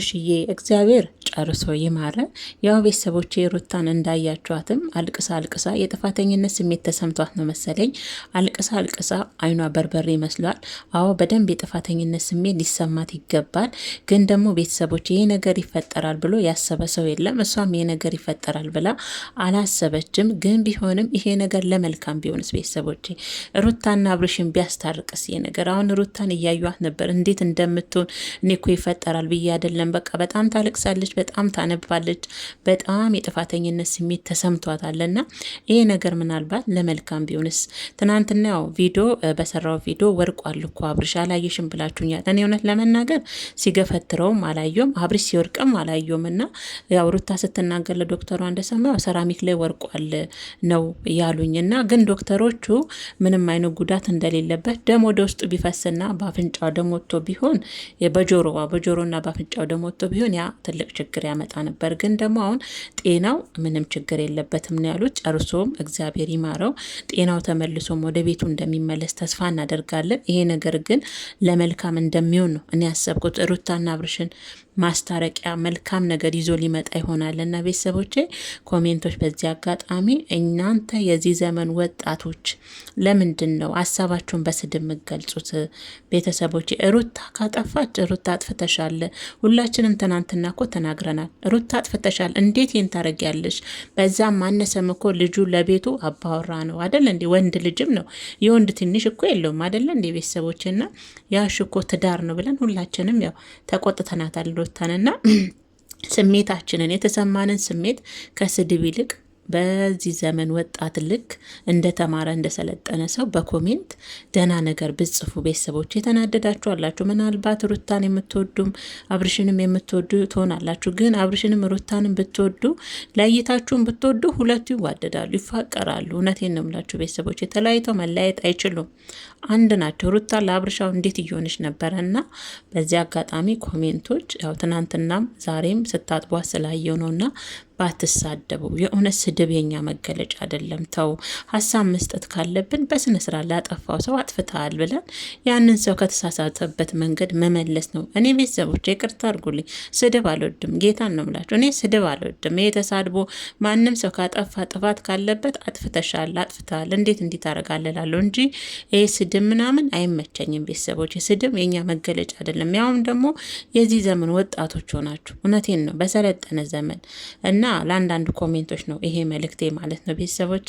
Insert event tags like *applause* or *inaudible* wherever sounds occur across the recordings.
እሽዬ እግዚአብሔር ጨርሶ ይማረ። ያው ቤተሰቦቼ ሩታን እንዳያችኋትም አልቅሳ አልቅሳ የጥፋተኝነት ስሜት ተሰምቷት ነው መሰለኝ አልቅሳ አልቅሳ አይኗ በርበሬ ይመስሏል። አዎ በደንብ የጥፋተኝነት ስሜት ሊሰማት ይገባል። ግን ደግሞ ቤተሰቦች ይሄ ነገር ይፈጠራል ብሎ ያሰበ ሰው የለም። እሷም ይሄ ነገር ይፈጠራል ብላ አላሰበችም። ግን ቢሆንም ይሄ ነገር ለመልካም ቢሆንስ ቤተሰቦቼ ሩታና አብርሽን ቢያስታርቅስ ነገር አሁን ሩታን እያዩት ነበር እንዴት እንደምትሆን እኔ እኮ ይፈጠራል ብዬ አይደለም የለም። በቃ በጣም ታለቅሳለች፣ በጣም ታነባለች፣ በጣም የጥፋተኝነት ስሜት ተሰምቷታል። እና ይሄ ነገር ምናልባት ለመልካም ቢሆንስ? ትናንትና ያው ቪዲዮ በሰራው ቪዲዮ ወርቋል እኮ አብርሽ አላየሽም ብላችሁኛል። እኔ እውነት ለመናገር ሲገፈትረውም አላየውም፣ አብርሽ ሲወርቅም አላየውም። እና ያው ሩታ ስትናገር ለዶክተሯ እንደሰማው ሰራሚክ ላይ ወርቋል ነው ያሉኝ። እና ግን ዶክተሮቹ ምንም አይነት ጉዳት እንደሌለበት ደም ወደ ውስጡ ቢፈስና በአፍንጫው ደም ወጥቶ ቢሆን በጆሮዋ በጆሮና በአፍንጫው ወደ ሞቶ ቢሆን ያ ትልቅ ችግር ያመጣ ነበር። ግን ደግሞ አሁን ጤናው ምንም ችግር የለበትም ነው ያሉት። ጨርሶም እግዚአብሔር ይማረው ጤናው ተመልሶም ወደ ቤቱ እንደሚመለስ ተስፋ እናደርጋለን። ይሄ ነገር ግን ለመልካም እንደሚሆን ነው እኔ ያሰብኩት ሩታና አብርሽን ማስታረቂያ መልካም ነገር ይዞ ሊመጣ ይሆናል እና ቤተሰቦቼ ኮሜንቶች፣ በዚህ አጋጣሚ እናንተ የዚህ ዘመን ወጣቶች ለምንድን ነው ሀሳባችሁን በስድብ የምትገልጹት? ቤተሰቦቼ ሩታ ካጠፋች ሩታ አጥፍተሻል። ሁላችንም ትናንትና ኮ ተናግረናል። ሩታ አጥፍተሻል፣ እንዴት ይህን ታደርጊያለሽ? በዛም ማነሰም እኮ ልጁ ለቤቱ አባወራ ነው አደለ እንዴ? ወንድ ልጅም ነው የወንድ ትንሽ እኮ የለውም አደለ እንዴ? ቤተሰቦቼ ና ያሽ እኮ ትዳር ነው ብለን ሁላችንም ያው ተቆጥተናታል። ሩታንና ስሜታችንን የተሰማንን ስሜት ከስድብ ይልቅ በዚህ ዘመን ወጣት ልክ እንደተማረ እንደሰለጠነ ሰው በኮሜንት ደህና ነገር ብጽፉ ቤተሰቦች የተናደዳችሁ አላችሁ። ምናልባት ሩታን የምትወዱም አብርሽንም የምትወዱ ትሆናላችሁ። ግን አብርሽንም ሩታንም ብትወዱ ለይታችሁን ብትወዱ ሁለቱ ይዋደዳሉ፣ ይፋቀራሉ። እውነቴን ነው የምላችሁ ቤተሰቦች የተለያይተው መለያየት አይችሉም፣ አንድ ናቸው። ሩታ ለአብርሻው እንዴት እየሆነች ነበረ እና በዚህ አጋጣሚ ኮሜንቶች ያው ትናንትናም ዛሬም ስታጥቧ ስላየው ነው እና ባትሳደቡ። የእውነት ስድብ የኛ መገለጫ አይደለም። ተው፣ ሀሳብ መስጠት ካለብን በስነ ስርዓት ላጠፋው ሰው አጥፍተሃል ብለን ያንን ሰው ከተሳሳተበት መንገድ መመለስ ነው። እኔ ቤተሰቦች ይቅርታ አድርጉልኝ፣ ስድብ አልወድም። ጌታን ነው ምላችሁ፣ እኔ ስድብ አልወድም። ይሄ ተሳድቦ ማንም ሰው ካጠፋ ጥፋት ካለበት አጥፍተሻል፣ አጥፍተሃል፣ እንዴት እንዲት አረጋለላለሁ እንጂ ይሄ ስድብ ምናምን አይመቸኝም። ቤተሰቦች ስድብ የኛ መገለጫ አይደለም። ያውም ደግሞ የዚህ ዘመን ወጣቶች ሆናችሁ እውነቴን ነው በሰለጠነ ዘመን እና ለአንዳንድ ኮሜንቶች ነው ይሄ መልእክቴ ማለት ነው። ቤተሰቦች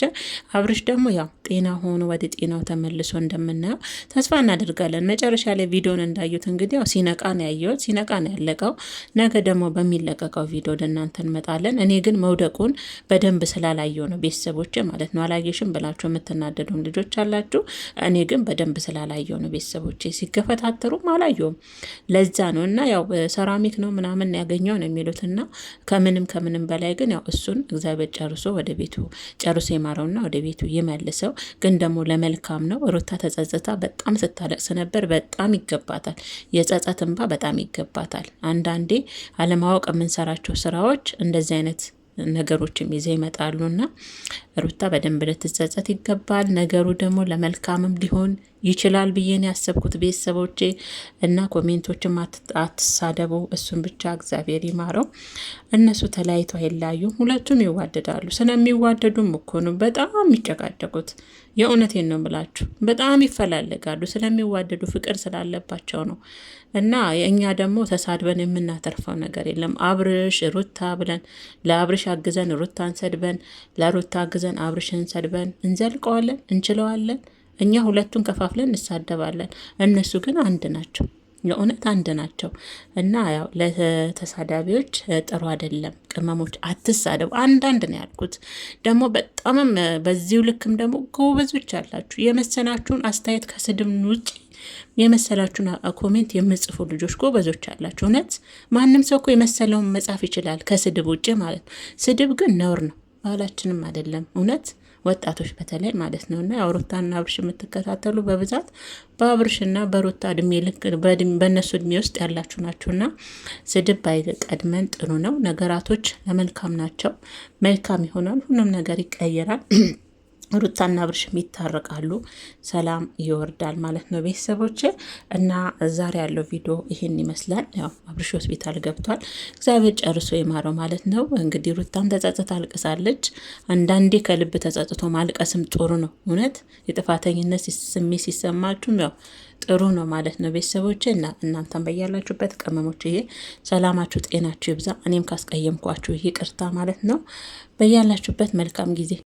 አብርሽ ደግሞ ያው ጤና ሆኖ ወደ ጤናው ተመልሶ እንደምናየው ተስፋ እናደርጋለን። መጨረሻ ላይ ቪዲዮን እንዳዩት እንግዲህ ያው ሲነቃ ነው ያየሁት፣ ሲነቃ ነው ያለቀው። ነገ ደግሞ በሚለቀቀው ቪዲዮ ወደ እናንተ እንመጣለን። እኔ ግን መውደቁን በደንብ ስላላየው ነው ቤተሰቦች ማለት ነው። አላየሽም ብላችሁ የምትናደዱም ልጆች አላችሁ። እኔ ግን በደንብ ስላላየው ነው ቤተሰቦች፣ ሲገፈታተሩም አላየውም። ለዛ ነው እና ያው ሰራሚክ ነው ምናምን ያገኘው ነው የሚሉት እና ከምንም ከምንም በላይ ግን ያው እሱን እግዚአብሔር ጨርሶ ወደ ቤቱ ጨርሶ ይማረውና ወደ ቤቱ ይመልሰው። ግን ደግሞ ለመልካም ነው። ሩታ ተጸጽታ በጣም ስታለቅስ ነበር። በጣም ይገባታል። የጸጸት እንባ በጣም ይገባታል። አንዳንዴ አለማወቅ የምንሰራቸው ስራዎች እንደዚህ አይነት ነገሮችም ይዘው ይመጣሉና ሩታ በደንብ ልትጸጸት ይገባል። ነገሩ ደግሞ ለመልካምም ሊሆን ይችላል ብዬን ያሰብኩት ቤተሰቦቼ እና ኮሜንቶችም አትሳደቡ። እሱን ብቻ እግዚአብሔር ይማረው። እነሱ ተለያይቶ አይላዩም፣ ሁለቱም ይዋደዳሉ። ስለሚዋደዱም እኮ ነው በጣም ይጨቃጨቁት የእውነቴን ነው የምላችሁ፣ በጣም ይፈላለጋሉ። ስለሚዋደዱ ፍቅር ስላለባቸው ነው። እና እኛ ደግሞ ተሳድበን የምናተርፈው ነገር የለም። አብርሽ ሩታ ብለን ለአብርሽ አግዘን ሩታን ሰድበን ለሩታ አግዘን አብርሽን ሰድበን እንዘልቀዋለን፣ እንችለዋለን። እኛ ሁለቱን ከፋፍለን እንሳደባለን፣ እነሱ ግን አንድ ናቸው። የእውነት አንድ ናቸው። እና ያው ለተሳዳቢዎች ጥሩ አይደለም። ቅመሞች አትሳደቡ። አንዳንድ ነው ያልኩት። ደግሞ በጣምም በዚሁ ልክም ደግሞ ጎበዞች አላችሁ። የመሰላችሁን አስተያየት ከስድብ ውጭ የመሰላችሁን ኮሜንት የምጽፉ ልጆች ጎበዞች አላችሁ። እውነት ማንም ሰው እኮ የመሰለውን መጻፍ ይችላል፣ ከስድብ ውጭ ማለት ነው። ስድብ ግን ነውር ነው፣ ባህላችንም አይደለም እውነት ወጣቶች በተለይ ማለት ነው። እና ሩታና አብርሽ የምትከታተሉ በብዛት በአብርሽና በሩታ እድሜ ልክ በእነሱ እድሜ ውስጥ ያላችሁ ናችሁና ስድብ ባይቀድመን ጥሩ ነው። ነገራቶች ለመልካም ናቸው። መልካም ይሆናል። ሁሉም ነገር ይቀየራል። *clears throat* ሩታና ብርሽም ይታረቃሉ፣ ሰላም ይወርዳል ማለት ነው። ቤተሰቦች እና ዛሬ ያለው ቪዲዮ ይህን ይመስላል። ያው አብርሽ ሆስፒታል ገብቷል፣ እግዚአብሔር ጨርሶ ይማረው ማለት ነው። እንግዲህ ሩታን ተጸጽታ አልቅሳለች። አንዳንዴ ከልብ ተጸጽቶ ማልቀስም ጥሩ ነው። እውነት የጥፋተኝነት ስሜት ሲሰማችሁም ያው ጥሩ ነው ማለት ነው። ቤተሰቦች እና እናንተም በያላችሁበት ቅመሞች ይሄ ሰላማችሁ፣ ጤናችሁ ይብዛ። እኔም ካስቀየምኳችሁ ይቅርታ ማለት ነው። በያላችሁበት መልካም ጊዜ